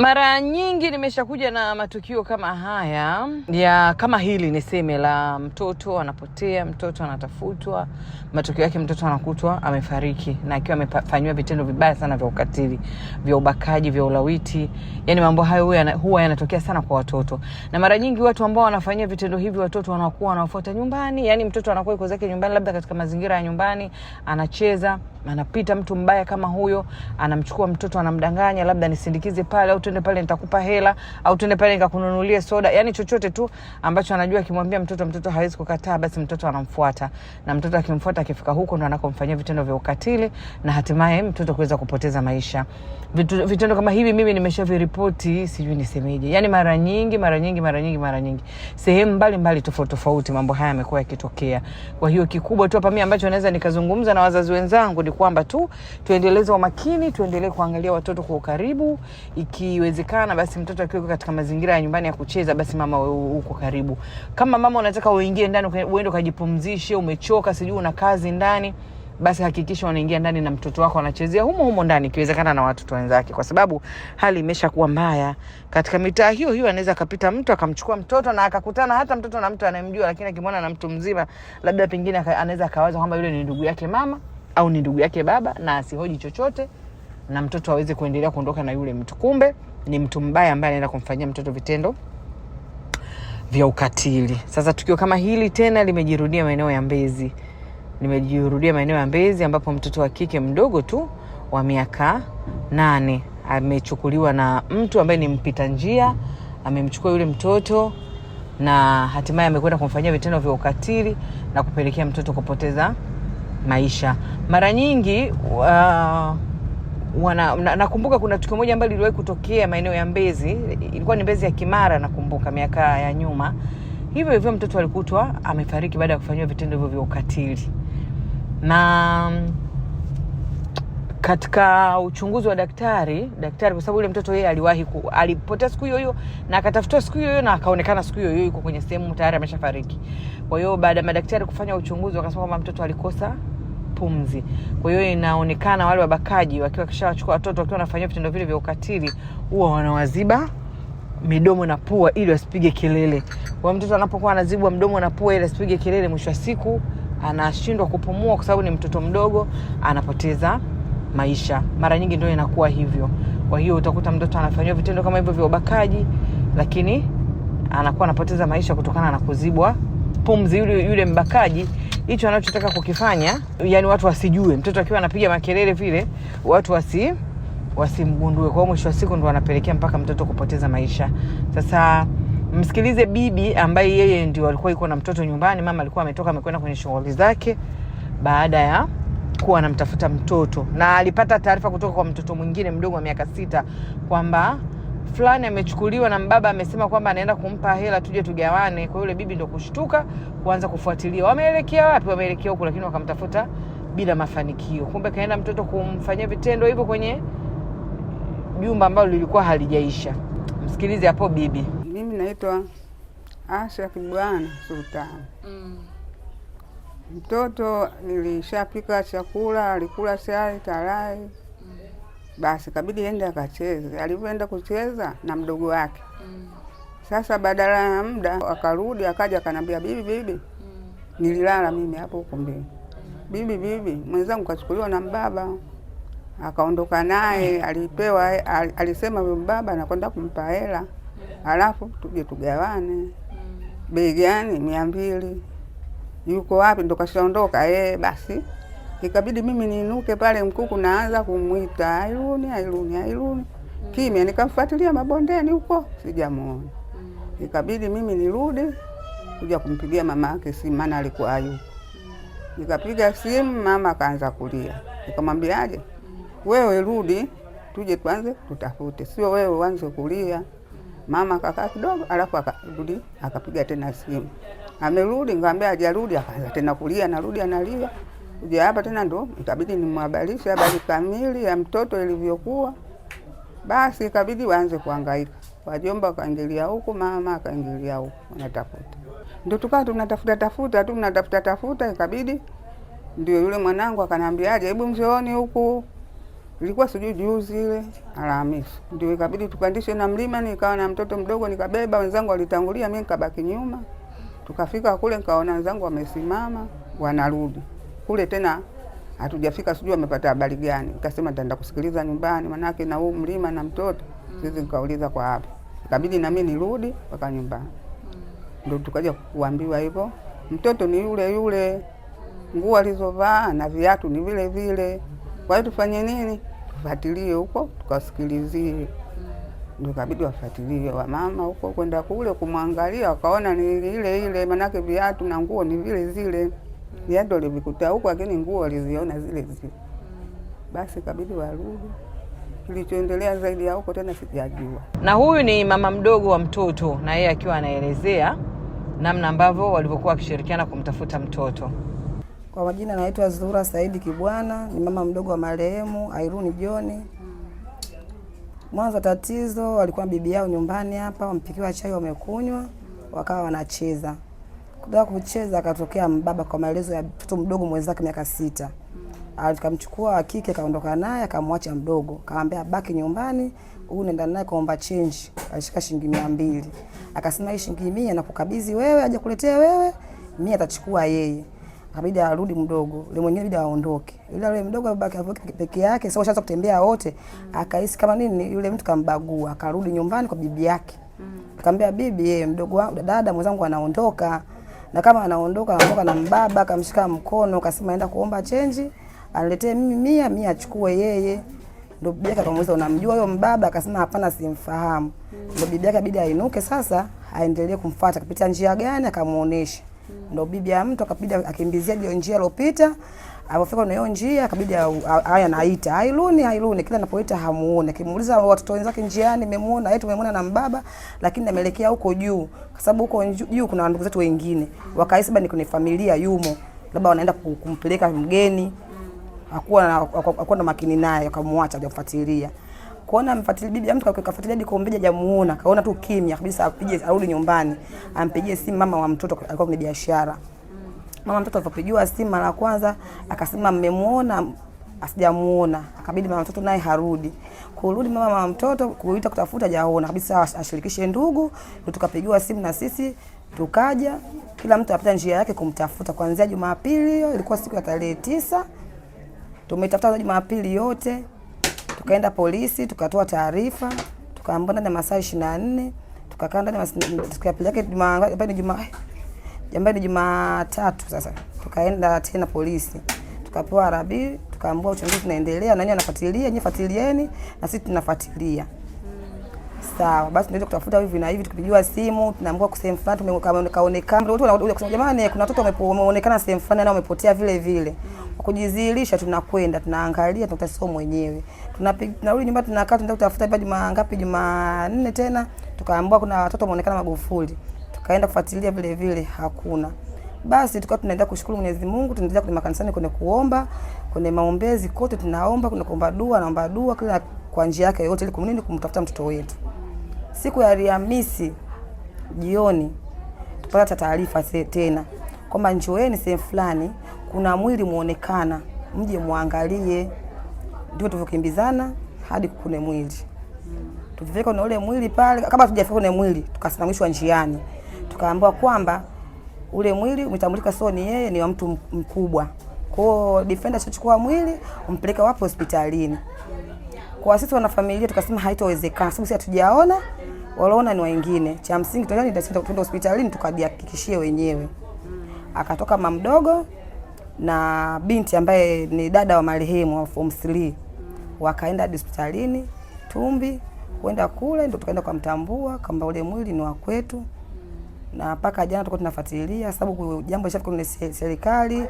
Mara nyingi nimeshakuja na matukio kama haya ya kama hili niseme, la mtoto anapotea, mtoto anatafutwa, matokeo yake mtoto anakutwa amefariki na akiwa amefanyiwa vitendo vibaya sana vya ukatili, vya ubakaji, vya ulawiti. Yani mambo hayo huwa yanatokea sana kwa watoto, na mara nyingi watu ambao wanafanyia vitendo hivi watoto wanakuwa wanawafuata nyumbani. Yani mtoto anakuwa yuko zake nyumbani, labda katika mazingira ya nyumbani anacheza, anapita mtu mbaya kama huyo, anamchukua mtoto, anamdanganya labda nisindikize pale au twende pale nitakupa hela, au twende pale nikakununulie soda, yani chochote tu ambacho anajua akimwambia mtoto, mtoto hawezi kukataa, basi mtoto anamfuata, na mtoto akimfuata, akifika huko ndo anakomfanyia vitendo vya ukatili na hatimaye mtoto kuweza kupoteza maisha. Vitu, vitendo kama hivi mimi nimeshaviripoti, sijui nisemeje, yani mara nyingi mara nyingi mara nyingi mara nyingi, sehemu mbalimbali tofauti tofauti, mambo haya yamekuwa yakitokea. Kwa hiyo kikubwa tu hapa mimi ambacho naweza nikazungumza na wazazi wenzangu ni kwamba tu tuendeleze makini tuendelee kuangalia watoto kwa ukaribu iki ikiwezekana basi mtoto akiwa katika mazingira ya nyumbani ya kucheza, basi mama uko karibu. Kama mama unataka uingie ndani uende ukajipumzishe, umechoka, sijui una kazi ndani, basi hakikisha wanaingia ndani na mtoto wako anachezea humo humo ndani, ikiwezekana na watoto wenzake, kwa sababu hali imeshakuwa mbaya katika mitaa hiyo hiyo. Anaweza akapita mtu akamchukua mtoto na akakutana hata mtoto na mtu anayemjua, lakini akimwona na mtu mzima, labda pengine anaweza akawaza kwamba yule ni ndugu yake mama au ni ndugu yake baba, na asihoji chochote na mtoto aweze kuendelea kuondoka na yule mtu kumbe ni mtu mbaya ambaye anaenda kumfanyia mtoto vitendo vya ukatili. Sasa tukio kama hili tena limejirudia maeneo ya Mbezi, limejirudia maeneo ya Mbezi ambapo mtoto wa kike mdogo tu wa miaka nane amechukuliwa na mtu ambaye ni mpita njia, amemchukua yule mtoto na hatimaye amekwenda kumfanyia vitendo vya ukatili na kupelekea mtoto kupoteza maisha. Mara nyingi uh, wana nakumbuka na kuna tukio moja ambalo liliwahi kutokea maeneo ya Mbezi, ilikuwa ni Mbezi ya Kimara, nakumbuka miaka ya nyuma. Hivyo hivyo mtoto alikutwa amefariki baada ya kufanyiwa vitendo hivyo vya ukatili, na katika uchunguzi wa daktari daktari, kwa sababu yule mtoto yeye aliwahi alipotea siku hiyo hiyo na akatafutwa siku hiyo hiyo na akaonekana siku hiyo hiyo yuko kwenye sehemu tayari ameshafariki. Kwa hiyo baada ya madaktari kufanya uchunguzi, wakasema kwamba mtoto alikosa pumzi. Kwa hiyo inaonekana wale wabakaji wakiwa kishawachukua watoto wakiwa wanafanyia vitendo vile vya ukatili, huwa wanawaziba midomo na pua ili wasipige kelele. Kwa mtoto anapokuwa anazibwa mdomo na pua ili asipige kelele, mwisho wa siku anashindwa kupumua kwa sababu ni mtoto mdogo, anapoteza maisha. Mara nyingi ndio inakuwa hivyo. Kwa hiyo utakuta mtoto anafanyiwa vitendo kama hivyo vya ubakaji, lakini anakuwa anapoteza maisha kutokana na kuzibwa pumzi. Yule, yule mbakaji hicho anachotaka kukifanya, yani watu wasijue, mtoto akiwa anapiga makelele vile watu wasi wasimgundue. Kwa hiyo mwisho wa siku ndo anapelekea mpaka mtoto kupoteza maisha. Sasa msikilize bibi ambaye yeye ndio alikuwa yuko na mtoto nyumbani. Mama alikuwa ametoka amekwenda kwenye shughuli zake baada ya kuwa anamtafuta mtoto, na alipata taarifa kutoka kwa mtoto mwingine mdogo wa miaka sita kwamba fulani amechukuliwa na mbaba amesema kwamba anaenda kumpa hela tuje tugawane. Kwa yule bibi ndo kushtuka kuanza kufuatilia, wameelekea wapi? Wameelekea huku, lakini wakamtafuta bila mafanikio. Kumbe kaenda mtoto kumfanyia vitendo hivyo kwenye jumba ambalo lilikuwa halijaisha. Msikilize hapo bibi. Mimi naitwa Asha Kibwana Sultani. Mm. Mtoto nilishapika chakula, alikula chai, tarai basi kabidi ende akacheze. Alivyoenda kucheza na mdogo wake mm. Sasa badala ya muda akarudi, akaja akanambia, bibi bibi mm. nililala mimi hapo ukumbini bibi bibi, mwenzangu kachukuliwa na mbaba akaondoka naye, alipewa al, alisema mbaba anakwenda kumpa hela mm. alafu tuje tugawane. Mm. Bei gani? mia mbili. Yuko wapi? Ndo kashaondoka. Eh, basi ikabidi mimi niinuke pale Mkuku, naanza kumwita Airuni, Airuni, Airuni mm. kimya. Nikamfuatilia mabondeni huko, sijamuona mm. ikabidi mimi nirudi kuja kumpigia mama yake simu, maana alikuwa yuko. Mm. Nikapiga simu, mama akaanza kulia, nikamwambiaje, wewe rudi, tuje tuanze tutafute, sio wewe uanze kulia. Mama akakaa kidogo, alafu akarudi akapiga tena simu, amerudi. Nikamwambia hajarudi, akaanza tena kulia, narudi analia Kuja hapa tena ndo ikabidi nimwhabarishe habari kamili ya mtoto ilivyokuwa. Basi ikabidi waanze kuhangaika, wajomba wakaingilia huku, mama akaingilia huku, wanatafuta ndo tukawa tunatafuta tafuta tu mnatafuta tafuta, ikabidi ndio yule mwanangu akanambia, aje hebu mzooni huku. Ilikuwa sijui juzi ile Alhamisi, ndio ikabidi tupandishe na mlima, nikawa na mtoto mdogo nikabeba, wenzangu walitangulia, mimi nikabaki nyuma. Tukafika kule, nikaona wenzangu wamesimama wanarudi kule tena hatujafika, sijui amepata habari gani. Nikasema nitaenda kusikiliza nyumbani, manake na huu mlima na mtoto siwezi nikauliza kwa hapa. Ikabidi na mimi nirudi mpaka nyumbani, ndio tukaja kuambiwa hivyo, mtoto ni yule yule, nguo alizovaa na viatu ni vile vile. Kwa hiyo tufanye nini? Tufuatilie huko tukasikilizie. Ndio kabidi wafuatilie wamama huko kwenda kule kumwangalia, wakaona ni ile ile, manake viatu na nguo ni vile zile viatu mm. yaani walivikuta huko, lakini nguo waliziona zile zile. Mm. Basi kabidi warudi. Kilichoendelea zaidi ya huko tena sijajua. Na huyu ni mama mdogo wa mtoto, na yeye akiwa anaelezea namna ambavyo walivyokuwa wakishirikiana kumtafuta mtoto. Kwa majina anaitwa zura Saidi Kibwana, ni mama mdogo wa marehemu Airuni Joni. Mm. Mwanzo tatizo walikuwa bibi yao nyumbani hapa, wampikiwa chai, wamekunywa, wakawa wanacheza kutoka kucheza akatokea mbaba, kwa maelezo ya mtoto mdogo mwenzake miaka sita mm. alikamchukua wa kike akaondoka naye akamwacha mdogo, akamwambia baki nyumbani, huyu nenda naye kaomba change. Alishika shilingi mia mbili akasema hii shilingi mia nakukabidhi wewe, aje kuletea wewe, mia atachukua yeye. Akabidi arudi mdogo, yule mwingine bidi aondoke, Yule yule mdogo abaki peke yake, sio shaanza kutembea wote. Mm. Akahisi kama nini, yule mtu kambagua, akarudi nyumbani kwa bibi yake, akamwambia mm. bibi, yeye mdogo wangu dada mwenzangu anaondoka na kama anaondoka anaondoka na mbaba, akamshika mkono, kasema aenda kuomba chenji, aniletee mimi mia mia, achukue yeye. ndo bibi yake akamuuliza, unamjua huyo mbaba? Akasema hapana, simfahamu. ndo bibi yake bidi ainuke sasa, aendelee kumfuata kupitia njia gani, akamuonesha. ndo bibi ya mtu akabidi akimbizia hiyo njia aliyopita, Alipofika na hiyo njia akabidi haya naita Hailuni, Hailuni, kila napoita hamuone. Kimuuliza watoto wenzake njiani, nimemuona yeye, tumemwona na mbaba, lakini ameelekea huko juu, kwa sababu huko juu kuna ndugu zetu wengine. Wakahisi ni kuna familia yumo, labda wanaenda kumpeleka mgeni. Hakuwa na hakuwa na makini naye, akamwacha hajafuatilia. Kuona amfuatilia bibi mtu akafuatilia hadi kuombeja jamuona, kaona tu kimya kabisa, apige arudi nyumbani, ampigie simu mama wa mtoto, alikuwa kwenye biashara mama mtoto alipopijua simu mara kwanza akasema mmemuona, asijamuona, akabidi mama mtoto naye harudi. Kurudi mama mama mtoto kuita kutafuta jaona kabisa, ashirikishe ndugu, ndo tukapigiwa simu na sisi tukaja, kila mtu apita njia yake kumtafuta. Kuanzia Jumapili hiyo ilikuwa siku ya tarehe tisa, tumetafuta Jumapili yote, tukaenda polisi, tukatoa taarifa, tukaambana na masaa 24 tukakaa ndani ya ya siku pili tukapeleka Jumapili Jambani Jumatatu sasa tukaenda tena polisi tukapewa arabi, tukaambiwa uchunguzi unaendelea, nani anafuatilia, nyinyi fuatilieni na sisi tunafuatilia. Sawa, basi tunaenda kutafuta hivi na hivi, tukipigiwa simu tunaambiwa kwa sehemu fulani tumekaonekana, watu wanakuja kusema jamani, kuna watoto wameonekana sehemu fulani na wamepotea vile vile. Kwa kujizihirisha, tunakwenda tunaangalia, tunakuta sio mwenyewe, tunapiga tunarudi nyumbani, tunakaa tunataka kutafuta juma ngapi, Jumanne tena tukaambiwa kuna watoto wameonekana Magufuli tukaenda kufuatilia vile vile hakuna. Basi tukawa tunaendelea kushukuru Mwenyezi Mungu, tunaendelea kwenye makanisani, kwenye kuomba, kwenye maombezi kote tunaomba, kuna kuomba dua, naomba dua kila kwa njia yake yote ili kumnini kumtafuta mtoto wetu. Siku ya Alhamisi jioni tupata taarifa tena kwamba njoeni sehemu fulani kuna mwili muonekana, mje muangalie. Ndio tulivyokimbizana hadi kune mwili. Tulifika na ule mwili pale, kama tujafika kwenye mwili tukasimamishwa njiani tukaambiwa kwamba ule mwili umetambulika, sio ni yeye ni wa mtu mkubwa. Kwa hiyo defender chochukua mwili umpeleka wapo Hospitalini. Kwa sisi wana familia tukasema haitowezekana, sababu sisi hatujaona, waliona ni wengine. Cha msingi tunataka tuende hospitalini tukajihakikishie wenyewe. Akatoka mama mdogo na binti ambaye ni dada wa marehemu wa form 3 wakaenda hospitalini Tumbi, kwenda kule ndo tukaenda kumtambua kwamba ule mwili ni wa kwetu na mpaka jana tulikuwa tunafuatilia, sababu jambo lishafika kwenye serikali,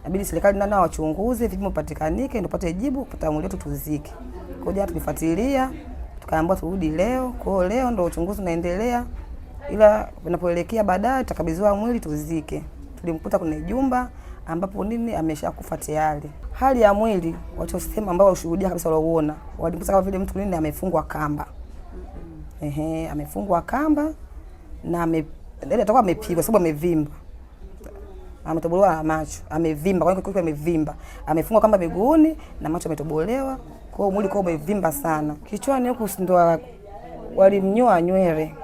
inabidi serikali nao wachunguze vipimo patikanike, ndio pate jibu mwili wetu tuzike. Kwa jana tulifuatilia, tukaambiwa turudi leo. Kwa hiyo leo ndio uchunguzi unaendelea, ila unapoelekea baadaye tutakabidhiwa mwili tuzike. Tulimkuta kwenye jumba ambapo nini ameshakufa tayari. Hali ya mwili wachosema ambao ushuhudia kabisa walioona walimkuta kama vile mtu nini amefungwa kamba, ehe, amefungwa kamba na ame Dada atakuwa amepigwa sababu amevimba. Ametobolewa macho, amevimba, kwa hiyo amevimba. Amefungwa kamba miguuni na macho ametobolewa. Kwa hiyo mwili kwa umevimba sana. Kichwani huku ndo walimnyoa nywele.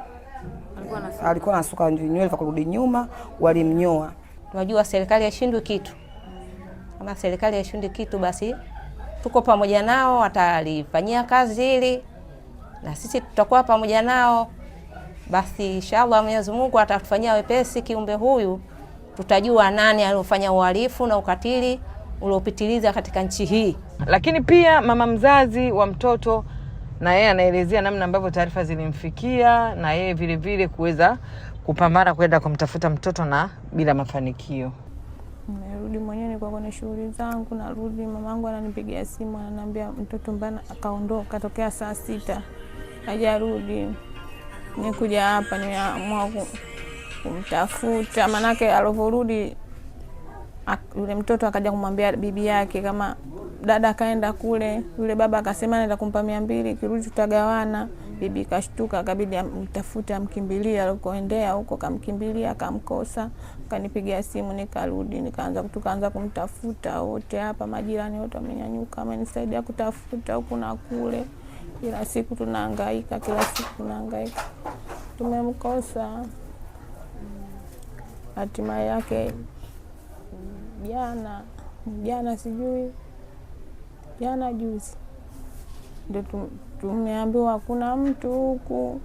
Alikuwa anasuka nywele za kurudi nyuma, walimnyoa. Tunajua serikali haishindwi kitu. Kama serikali haishindwi kitu basi tuko pamoja nao, watalifanyia kazi hili na sisi tutakuwa pamoja nao basi inshallah Mwenyezi Mungu atatufanyia wepesi kiumbe huyu, tutajua nani aliyofanya uhalifu na ukatili uliopitiliza katika nchi hii. Lakini pia mama mzazi wa mtoto na yeye anaelezea namna ambavyo taarifa zilimfikia na yeye vile vile kuweza kupambana kwenda kumtafuta mtoto na bila mafanikio. Nimerudi mwenyewe, nilikuwa kwenye shughuli zangu, narudi mamangu ananipigia simu, ananiambia mtoto mbana akaondoka tokea saa sita hajarudi nikuja hapa nimeamua kumtafuta, maanake alivyorudi yule mtoto akaja kumwambia bibi yake kama dada akaenda kule, yule baba akasema naenda kumpa mia mbili, kirudi tutagawana. Bibi kashtuka akabidi amtafute, amkimbilie alikoendea huko, kamkimbilia akamkosa, kanipigia simu, nikarudi, nikaanza tukaanza kumtafuta wote hapa, majirani wote wamenyanyuka, amenisaidia kutafuta huku na kule. Kila siku tunahangaika, kila siku tunahangaika, tumemkosa. Hatima yake jana jana, sijui jana juzi, ndio tumeambiwa kuna mtu huku,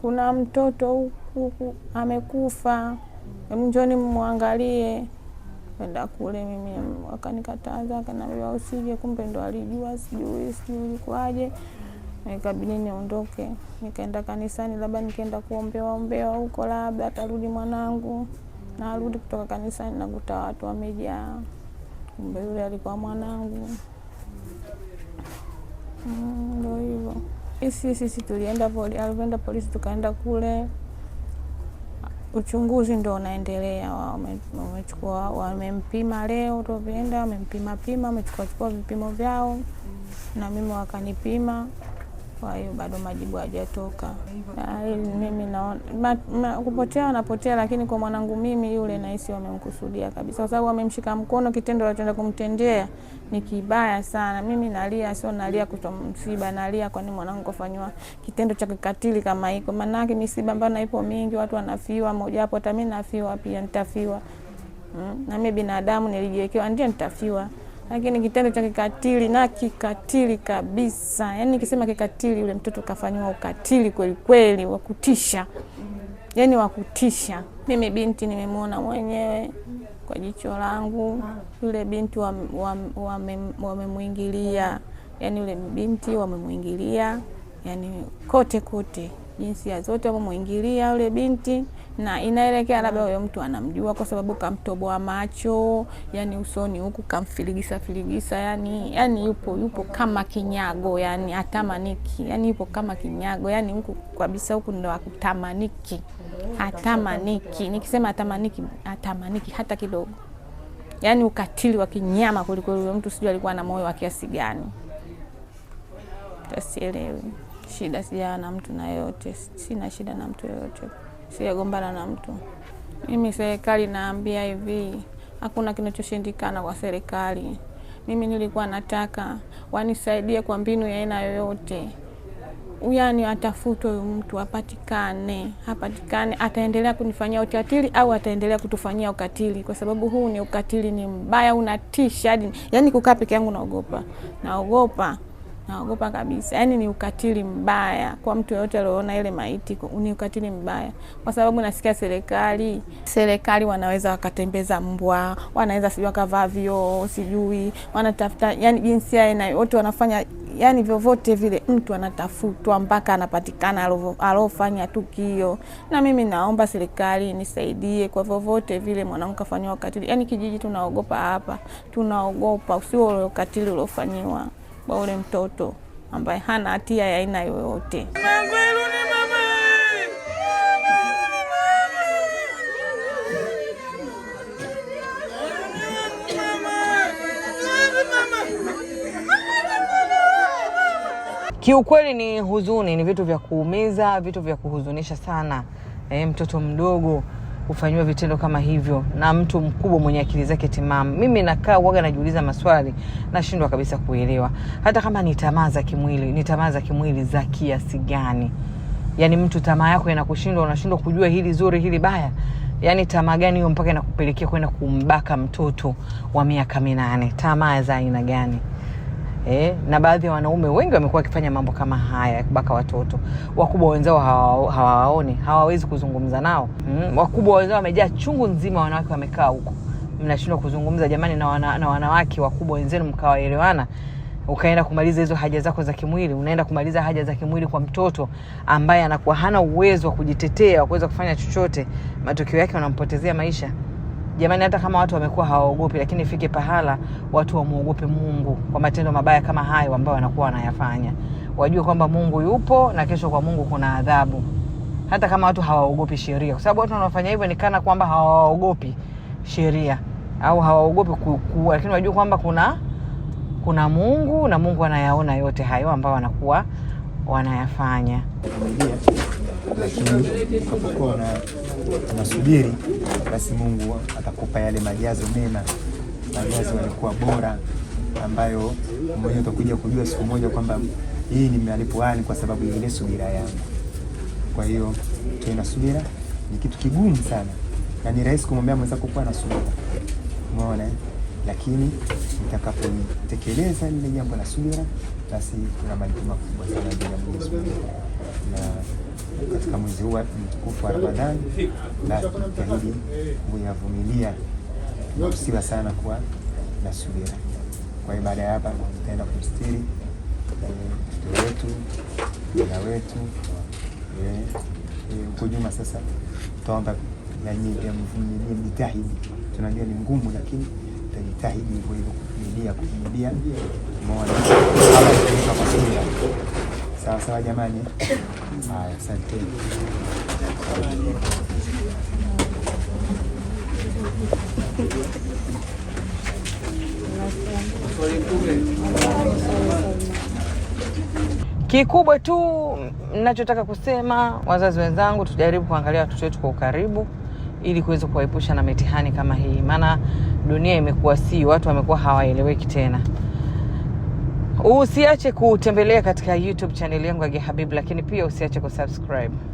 kuna mtoto huku amekufa, njoni mwangalie kwenda kule, mimi wakanikataza, akaniambia usije, kumbe ndo alijua, sijui sijui ilikuwaje, nikabidi niondoke, nikaenda kanisani, labda nikaenda kuombewa ombewa huko, labda atarudi mwanangu. Narudi kutoka kanisani, nakuta watu wamejaa, kumbe yule alikuwa mwanangu. Mm, ndo mm, hivyo sisi sisi tulienda poli, alivyoenda polisi, tukaenda kule uchunguzi ndo unaendelea, wamechukua wamempima leo, tulipoenda wamempima pima, wamechukua chukua vipimo vyao mm. na mimi wakanipima kwa hiyo bado majibu hajatoka. Mimi naona kupotea wanapotea, lakini kwa mwanangu mimi yule nahisi wamemkusudia kabisa, kwa sababu wamemshika mkono. Kitendo wanachoenda kumtendea ni kibaya sana. Mimi nalia, sio nalia kuto msiba, nalia kwani mwanangu kafanywa kitendo cha kikatili kama hiko. Maanake misiba ambayo naipo mingi, watu wanafiwa, hapo hata mi nafiwa pia, nitafiwa mm. na mi binadamu nilijiwekewa, ndio nitafiwa lakini kitendo cha kikatili na kikatili kabisa, yaani nikisema kikatili, yule mtoto kafanyiwa ukatili kweli kweli wa kutisha, yaani wa kutisha. Mimi binti nimemwona mwenyewe kwa jicho langu, yule binti wamemwingilia, wa yaani yule binti wamemwingilia, yaani kote kote, jinsia zote wamemwingilia yule binti na inaelekea labda mm. huyo mtu anamjua, kwa sababu kamtoboa macho, yani usoni huku kamfiligisa filigisa, yani yani yupo yupo kama kinyago, yani atamaniki, yani yupo kama kinyago, yani huku kabisa, huku ndo akutamaniki, atamaniki. Nikisema atamaniki, atamaniki hata kidogo, yani ukatili wa kinyama kuliko huyo mtu. Sijui alikuwa na moyo wa kiasi gani, tasielewi shida. Sijawa na mtu na yoyote, sina shida na mtu yoyote sijagombana na mtu. Mimi serikali naambia hivi, hakuna kinachoshindikana kwa serikali. Mimi nilikuwa nataka wanisaidie kwa mbinu ya aina yoyote, yaani atafutwe huyu mtu, apatikane. Apatikane ataendelea kunifanyia ukatili au ataendelea kutufanyia ukatili, kwa sababu huu ni ukatili, ni mbaya, unatisha. Yani kukaa peke yangu naogopa, naogopa naogopa kabisa. Yaani ni ukatili mbaya kwa mtu yoyote alioona ile maiti, ni ukatili mbaya, kwa sababu nasikia serikali serikali wanaweza wakatembeza mbwa, wanaweza sijui wakavaa vioo, sijui wanatafuta, yani jinsia ina wote wanafanya, yani vyovyote vile mtu anatafutwa mpaka anapatikana aliofanya tukio. Na mimi naomba serikali nisaidie kwa vyovyote vile, mwanamke kafanyiwa ukatili. Yani kijiji tunaogopa hapa, tunaogopa usio ukatili uliofanyiwa kwa ule mtoto ambaye hana hatia ya aina yoyote. Kiukweli ni huzuni, ni vitu vya kuumiza, vitu vya kuhuzunisha sana. E, mtoto mdogo kufanyiwa vitendo kama hivyo na mtu mkubwa mwenye akili zake timamu. Mimi nakaa uoga, najiuliza maswali, nashindwa kabisa kuelewa, hata kama ni tamaa za kimwili, ni tamaa za kimwili za kiasi gani? Yaani mtu tamaa yako inakushindwa, unashindwa kujua hili zuri, hili baya. Yaani tamaa gani hiyo mpaka inakupelekea kwenda kumbaka mtoto wa miaka minane? Tamaa za aina gani? eh, na baadhi ya wanaume wengi wamekuwa wakifanya mambo kama haya ya kubaka watoto. Wakubwa wenzao hawawaoni, hawawezi kuzungumza nao mm. Wakubwa wenzao wamejaa chungu nzima, wanawake wamekaa huko, mnashindwa kuzungumza jamani. Na, wana, na wanawake wakubwa wenzenu mkawaelewana ukaenda kumaliza hizo haja zako za kimwili, unaenda kumaliza haja za kimwili kwa mtoto ambaye anakuwa hana uwezo wa kujitetea wa kuweza kufanya chochote. Matokeo yake wanampotezea maisha. Jamani, hata kama watu wamekuwa hawaogopi, lakini ifike pahala watu wamwogope Mungu kwa matendo mabaya kama hayo ambayo wanakuwa wanayafanya, wajue kwamba Mungu yupo na kesho kwa Mungu kuna adhabu, hata kama watu hawaogopi sheria, kwa sababu watu wanaofanya hivyo ni kana kwamba hawaogopi sheria au hawaogopi kukua, lakini wajue kwamba kuna kuna Mungu na Mungu anayaona yote hayo ambayo wanakuwa wanayafanya lakini unapokuwa unasubiri, basi Mungu atakupa yale majazo mema, majazo yalikuwa bora, ambayo mwenyewe utakuja kujua siku moja kwamba hii ni nimalipoani kwa sababu ya ile subira yangu. Kwa hiyo tuwe na subira, ni kitu kigumu sana na ni rahisi kumwambia mwenzako kuwa na subira, umeona. Eh? lakini nitakapotekeleza lile jambo la subira, basi kuna malipo makubwa sana mbele ya Mwenyezi Mungu. Na katika mwezi huu mtukufu wa Ramadhani, na jitahidi kuyavumilia na sana kuwa na subira. Kwa hiyo baada ya hapa tutaenda kumstiri eh, mtoto wetu na wetu eh, eh, huko nyuma. Sasa tutaomba nanyi mjitahidi, tunajua ni ngumu, lakini tutajitahidi hivyo hivyo kuvumilia kuvumilia, umeona kwa Sawa sawa, jamani. Haya, asanteni. Kikubwa tu ninachotaka kusema, wazazi wenzangu, tujaribu kuangalia watoto wetu kwa ukaribu, ili kuweza kuwaepusha na mitihani kama hii, maana dunia imekuwa si, watu wamekuwa hawaeleweki tena. Usiache kutembelea katika YouTube channel yangu ya Gehabibu, lakini pia usiache kusubscribe.